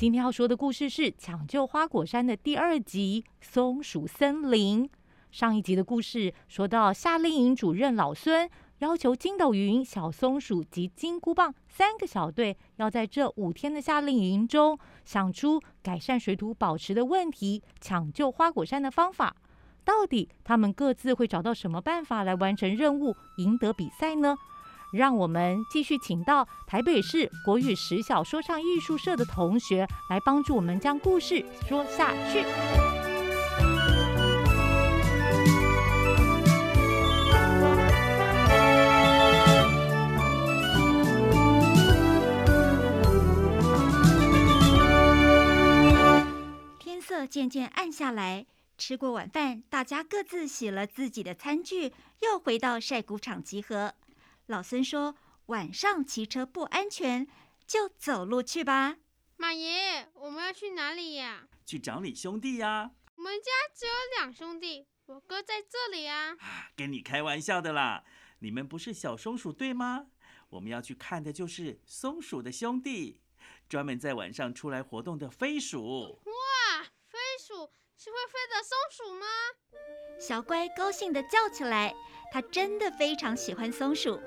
今天要說的故事是《搶救花果山》的第二集《松鼠森林》。上一集的故事說到，夏令營主任老孫要求筋斗雲、小松鼠及金箍棒三個小隊要在這五天的夏令營中想出改善水土保持的問題，搶救花果山的方法。到底他們各自會找到什麼辦法來完成任務，贏得比賽呢？讓我們繼續請到台北市國語實小說唱藝術社的同學來幫助我們將故事說下去。天色漸漸暗下來，吃過晚飯，大家各自洗了自己的餐具，又回到曬谷場集合。老孫說，晚上騎車不安全，就走路去吧。馬爺，我們要去哪裡呀？去找你兄弟呀。我們家只有兩兄弟，我哥在這裡啊，跟你開玩笑的啦。你們不是小松鼠對嗎？我們要去看的就是松鼠的兄弟，專門在晚上出來活動的飛鼠。哇，飛鼠是會飛的松鼠嗎？小乖高興地叫起來，他真的非常喜歡松鼠。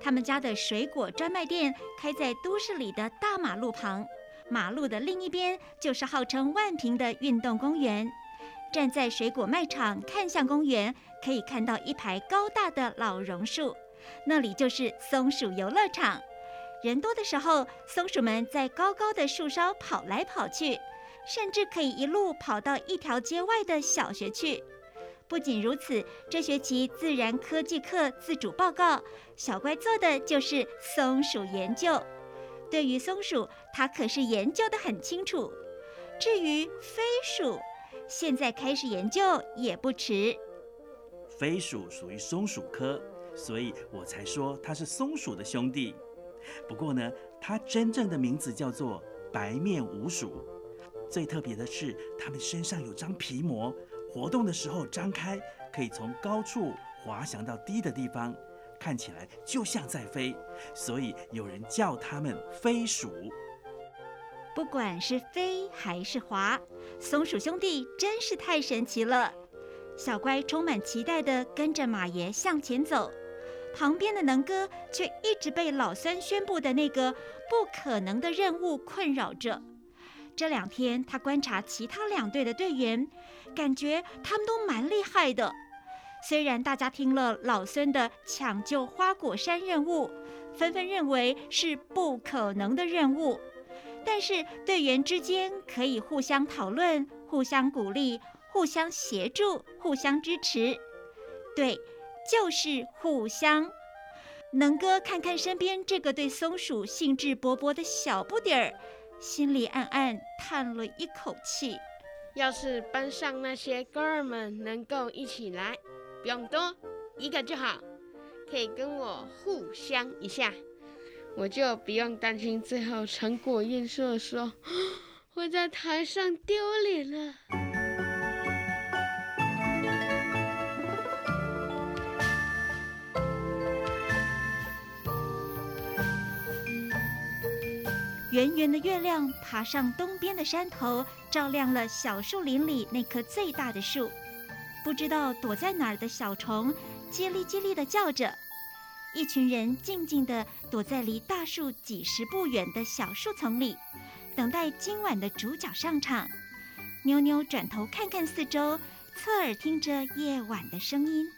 他們家的水果專賣店開在都市裡的大馬路旁，馬路的另一邊就是號稱萬平的運動公園。站在水果賣場看向公園，可以看到一排高大的老榕樹，那裡就是松鼠遊樂場。人多的時候，松鼠們在高高的樹梢跑來跑去，甚至可以一路跑到一條街外的小學去。不僅如此，這學期自然科技課自主報告，小怪做的就是松鼠研究。對於松鼠，它可是研究得很清楚。至於飛鼠，現在開始研究也不遲。飛鼠屬於松鼠科，所以我才說它是松鼠的兄弟。不過呢，它真正的名字叫做白面鼯鼠。最特別的是，它們身上有張皮膜。活動的時候張開，可以從高處滑翔到低的地方，看起來就像在飛，所以有人叫它們飛鼠。不管是飛還是滑，松鼠兄弟真是太神奇了。小乖充滿期待地跟着馬爺向前走，旁邊的能哥卻一直被老三宣布的那個不可能的任務困擾着。這兩天，他觀察其他兩隊的隊員，感覺他們都蠻厲害的。雖然大家聽了老孫的搶救花果山任務，紛紛認為是不可能的任務，但是隊員之間可以互相討論、互相鼓勵、互相協助、互相支持。對，就是互相。能哥，看看身邊這個對松鼠興致勃勃，勃的小不點兒。心裡暗暗嘆了一口氣。要是班上那些哥們能夠一起來，不用多，一個就好，可以跟我互相一下，我就不用擔心最後成果驗收的時候會在台上丟臉了。圓圓的月亮爬上東邊的山頭，照亮了小樹林裡那棵最大的樹。不知道躲在哪兒的小蟲，嘰哩嘰哩地叫着。一群人靜靜地躲在離大樹幾十步遠的小樹叢裡，等待今晚的主角上場。妞妞轉頭看看四周，側耳聽着夜晚的聲音，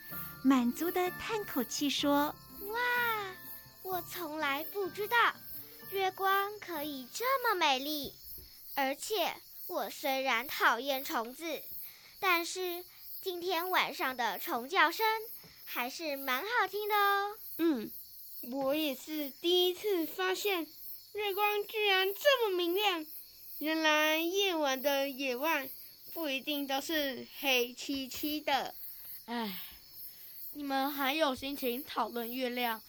滿足地嘆口氣說：“哇，我從來不知道。”月光可以這麼美麗，而且我雖然討厭蟲子，但是今天晚上的蟲叫聲還是蠻好聽的哦。嗯，我也是第一次發現，月光居然這麼明亮。原來夜晚的野外不一定都是黑漆漆的。唉，你們還有心情討論月亮？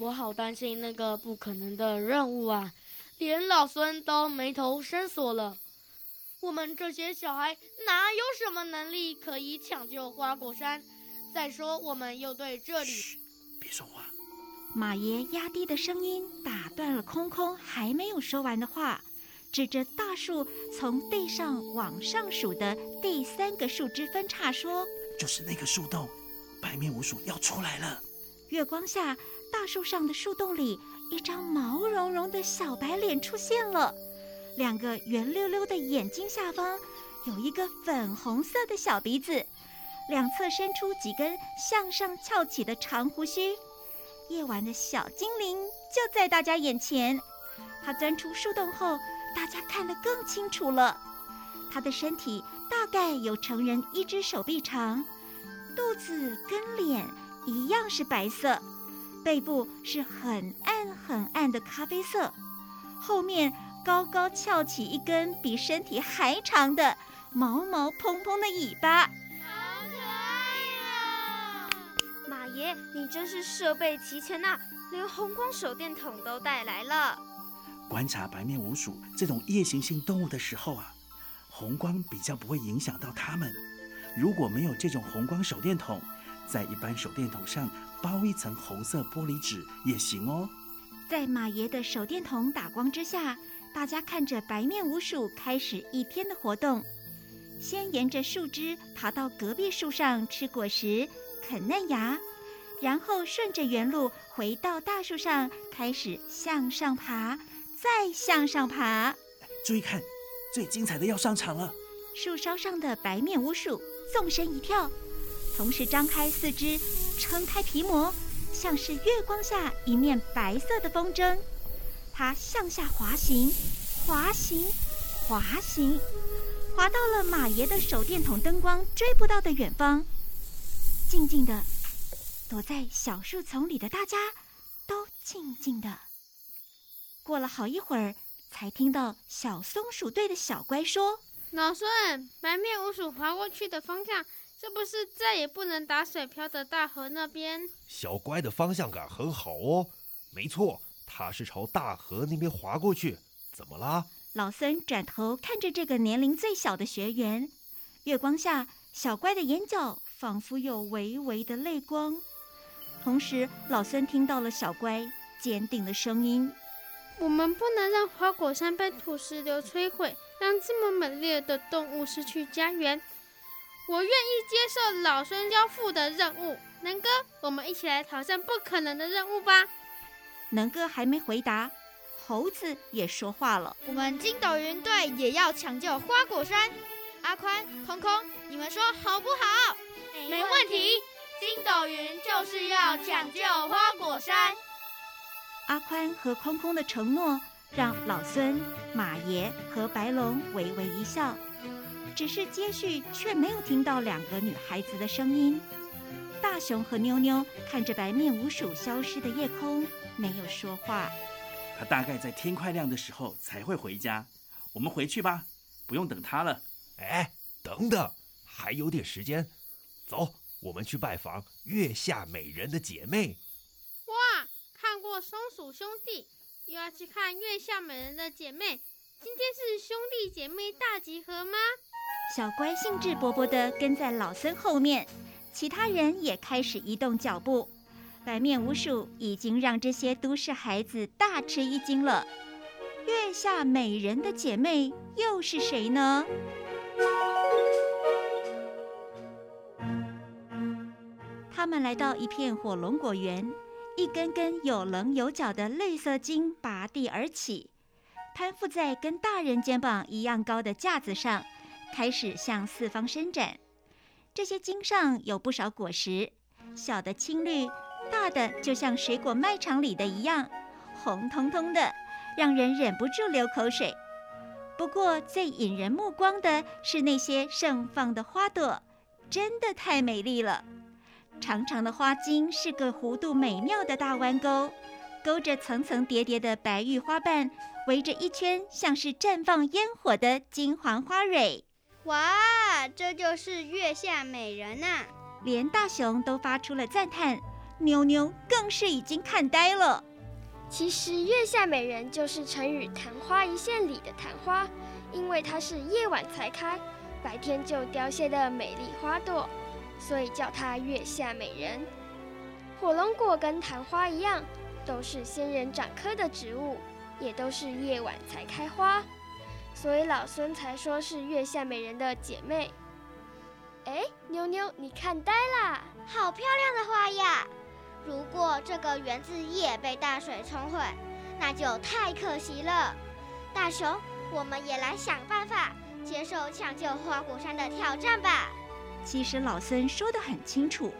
我好擔心那個不可能的任務啊，連老孫都眉頭深鎖了。我們這些小孩哪有什麼能力可以搶救花果山？再說我們又對這裡……噓，別說話。馬爺壓低的聲音打斷了空空還沒有說完的話，指着大樹從地上往上數的第三個樹枝分叉說：“就是那個樹洞，白面鼯鼠要出來了。”月光下。大樹上的樹洞裡，一張毛茸茸的小白臉出現了。兩個圓溜溜的眼睛下方，有一個粉紅色的小鼻子，兩側伸出幾根向上翹起的長鬍鬚。夜晚的小精靈就在大家眼前。他鑽出樹洞後，大家看得更清楚了。他的身體大概有成人一隻手臂長，肚子跟臉一樣是白色。背部是很暗很暗的咖啡色，後面高高翹起一根比身體還長的毛毛蓬蓬的尾巴，好可愛呀！啊！馬爺，你真是設備齊全吶，連紅光手電筒都帶來了。觀察白面鼯鼠這種夜行性動物的時候啊，紅光比較不會影響到它們。如果沒有這種紅光手電筒，在一般手電筒上包一層紅色玻璃紙也行哦。在馬爺的手電筒打光之下，大家看着白面鼯鼠開始一天的活動。先沿着樹枝爬到隔壁樹上吃果實、啃嫩芽，然後順着原路回到大樹上，開始向上爬，再向上爬。注意看，最精彩的要上場了！樹梢上的白面鼯鼠縱身一跳。同時張開四肢，撐開皮膜，像是月光下一面白色的風箏。它向下滑行，滑行，滑行，滑到了馬爺的手電筒燈光追不到的遠方。靜靜的躲在小樹叢裡的大家，都靜靜的。過了好一會兒，才聽到小松鼠隊的小乖說：“老孫，白面鼯鼠滑過去的方向。”是不是再也不能打水漂的大河那邊？小乖的方向感很好哦，沒錯，他是朝大河那邊划過去。怎麼啦？老孫轉頭看着這個年齡最小的學員，月光下，小乖的眼角仿佛有微微的淚光。同時，老孫聽到了小乖堅定的聲音：“我們不能讓花果山被土石流摧毀，讓這麼美麗的動物失去家園。”我願意接受老孫交付的任務，能哥，我們一起來挑戰不可能的任務吧。能哥還沒回答，猴子也說話了：“我們筋斗雲隊也要搶救花果山，阿寬、空空，你們說好不好？沒問題，筋斗雲就是要搶救花果山。”阿寬和空空的承諾讓老孫、馬爺和白龍微微一笑。只是接續，卻沒有聽到兩個女孩子的聲音。大雄和妞妞看着白面鼯鼠消失的夜空，沒有說話。他大概在天快亮的時候才會回家。我們回去吧，不用等他了。哎，等等，還有點時間。走，我們去拜訪月下美人的姐妹。哇，看過松鼠兄弟，又要去看月下美人的姐妹，今天是兄弟姐妹大集合嗎？小乖興致勃勃地跟在老孫後面，其他人也開始移動腳步。白面巫術已經讓這些都市孩子大吃一驚了。月下美人的姐妹又是誰呢？他們來到一片火龍果園，一根根有稜有角的綠色莖拔地而起，攀附在跟大人肩膀一樣高的架子上。開始向四方伸展，這些莖上有不少果實，小的青綠，大的就像水果賣場裡的一樣，紅彤彤的，讓人忍不住流口水。不過最引人目光的是那些盛放的花朵，真的太美麗了。長長的花莖是個弧度美妙的大彎鈎，勾着層層疊疊的白玉花瓣，圍着一圈像是綻放煙火的金黃花蕊。哇，這就是月下美人吶、啊！連大雄都發出了讚嘆，妞妞更是已經看呆了。其實，月下美人就是成語“曇花一現”裡的曇花，因為它是夜晚才開，白天就凋謝的美麗花朵，所以叫它月下美人。火龍果跟曇花一樣，都是仙人掌科的植物，也都是夜晚才開花。所以老孫才說是月下美人的姐妹。哎，妞妞，你看呆了，好漂亮的花呀！如果這個園子也被大水沖毀，那就太可惜了。大雄，我們也來想辦法接受搶救花果山的挑戰吧。其實老孫說得很清楚，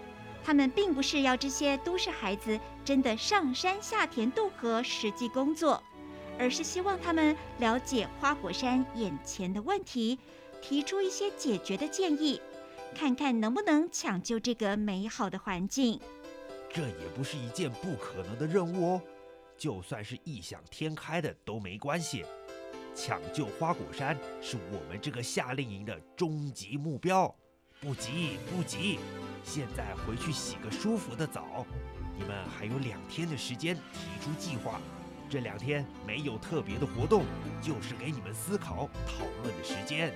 他們並不是要這些都市孩子真的上山下田渡河實際工作。而是希望他們了解花果山眼前的問題，提出一些解決的建議，看看能不能搶救這個美好的環境。這也不是一件不可能的任務哦，就算是異想天開的都沒關係。搶救花果山是我們這個夏令營的終極目標。不急不急，現在回去洗個舒服的澡，你們還有兩天的時間提出計劃。這兩天沒有特別的活動，就是給你們思考討論的時間。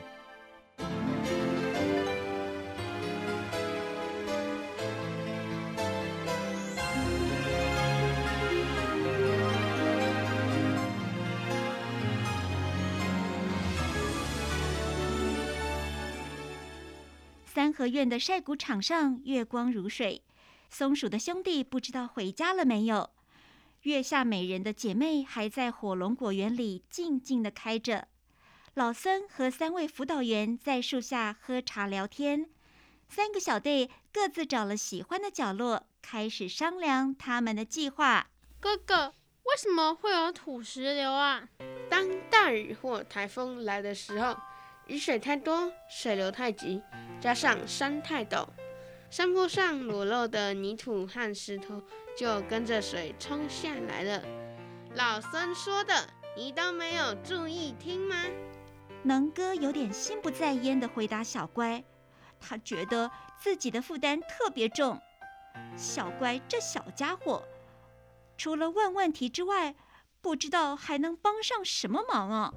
三合院的曬谷場上，月光如水，松鼠的兄弟不知道回家了沒有。月下美人的姐妹還在火龍果園裡靜靜地開着。老僧和三位輔導員在樹下喝茶聊天，三個小隊各自找了喜歡的角落，開始商量他們的計劃。哥哥，為什麼會有土石流啊？當大雨或台風來的時候，雨水太多，水流太急，加上山太陡，山坡上裸露的泥土和石頭就跟着水沖下來了。老孫說的，你都沒有注意聽嗎？能哥有點心不在焉地回答小乖，他覺得自己的負擔特別重。小乖這小家伙，除了問問題之外，不知道還能幫上什麼忙啊？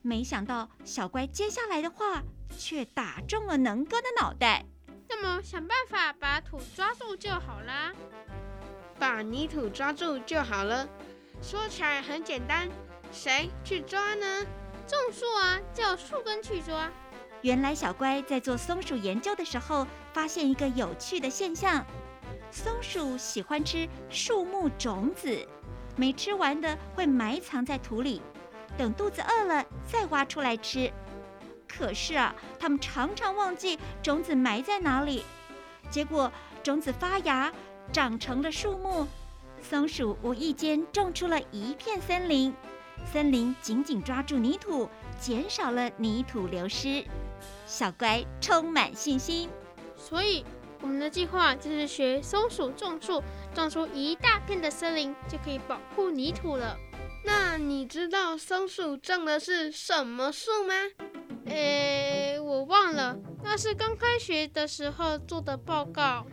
沒想到小乖接下來的話卻打中了能哥的腦袋。那麼，想辦法把土抓住就好了啦。把泥土抓住就好了。說起來很簡單，誰去抓呢？種樹啊，叫樹根去抓。原來，小乖在做松鼠研究的時候，發現一個有趣的現象：松鼠喜歡吃樹木種子，沒吃完的會埋藏在土裡，等肚子餓了再挖出來吃。可是啊，他們常常忘記種子埋在哪裡，結果種子發芽，長成了樹木。松鼠無意間種出了一片森林，森林緊緊抓住泥土，減少了泥土流失。小乖充滿信心。所以我們的計劃就是學松鼠種樹，種出一大片的森林，就可以保護泥土了。那你知道松鼠種的是什麼樹嗎？誒，我忘了，那是剛開學的時候做的報告。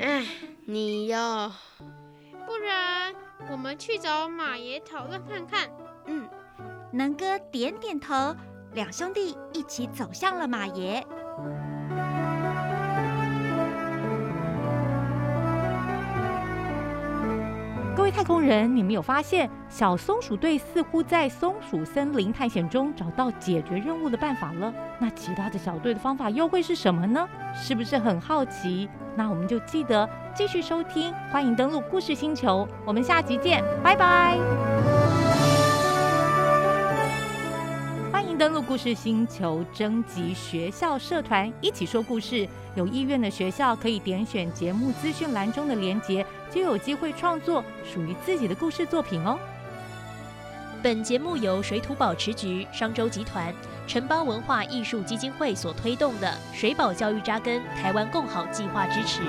哎，你要不然我們去找馬爺討論看看。嗯，南哥點點頭，兩兄弟一起走向了馬爺。各位太空人，你們有發現小松鼠隊似乎在松鼠森林探險中找到解決任務的辦法了？那其他的小隊的方法又會是什麼呢？是不是很好奇？那我們就記得繼續收聽，歡迎登錄故事星球，我們下集見，拜拜。登錄故事星球，徵集學校社團一起說故事。有意願的學校可以點選節目資訊欄中的鏈接，就有機會創作屬於自己的故事作品哦。本節目由水土保持局、商周集團、城邦文化藝術基金會所推動的“水保教育紮根台灣共好”計劃支持。